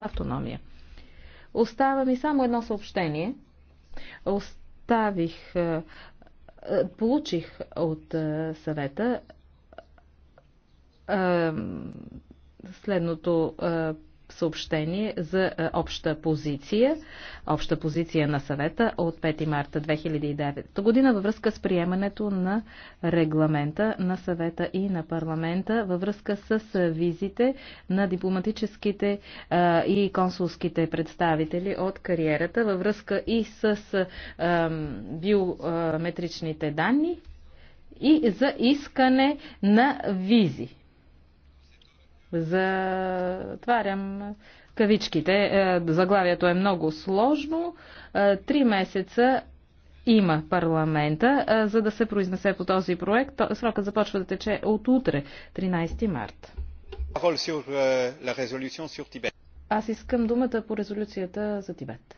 автономия. Остава ми само едно съобщение. Оставих, е, е, получих от е, съвета следното съобщение за е, обща позиция, обща позиция на съвета от 5 марта 2009 година във връзка с приемането на регламента на съвета и на парламента във връзка с е, визите на дипломатическите е, и консулските представители от кариерата във връзка и с биометричните данни и за искане на визи Затварям кавичките. Е, заглавието е много сложно. Е, три месеца има парламента, е, за да се произнесе по този проект. Срокът започва да тече от утре, 13 март. Аз искам думата по резолюцията за Тибет.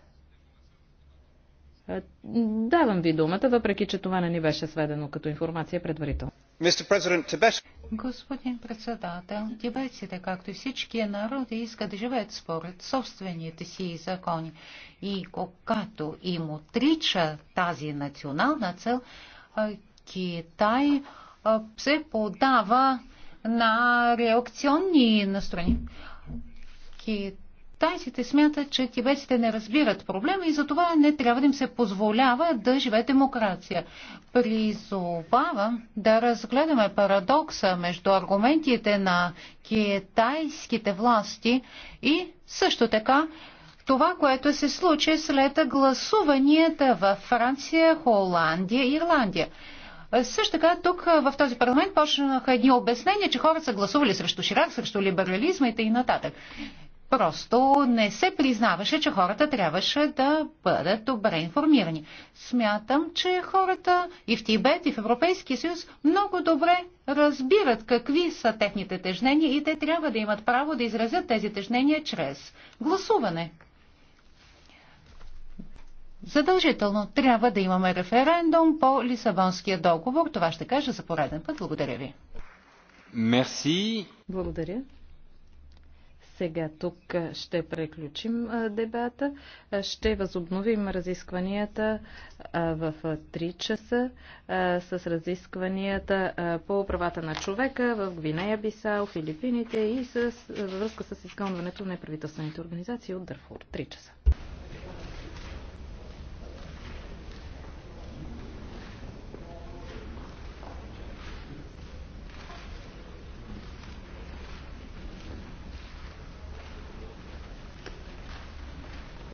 Давам ви думата, въпреки че това не ни беше сведено като информация предварително. Господин председател, тибетците, както и всички народи, искат да живеят според собствените си закони. И когато им отрича тази национална цел, Китай се подава на реакционни настроения. Китай Тайците смятат, че тибетците не разбират проблема и затова не трябва да им се позволява да живее демокрация. Призовавам да разгледаме парадокса между аргументите на китайските власти и също така това, което се случи след гласуванията във Франция, Холандия и Ирландия. Също така тук в този парламент почнаха едни обяснения, че хората са гласували срещу Ширак, срещу либерализма и т.н. Просто не се признаваше, че хората трябваше да бъдат добре информирани. Смятам, че хората и в Тибет, и в Европейския съюз много добре разбират какви са техните тежнения и те трябва да имат право да изразят тези тежнения чрез гласуване. Задължително трябва да имаме референдум по Лисабонския договор. Това ще кажа за пореден път. Благодаря ви. Мерси. Благодаря. Сега тук ще преключим дебата. Ще възобновим разискванията в 3 часа с разискванията по правата на човека в Гвинея, Бисал, Филипините и с, връзка с изгонването на неправителствените организации от Дърфур. 3 часа.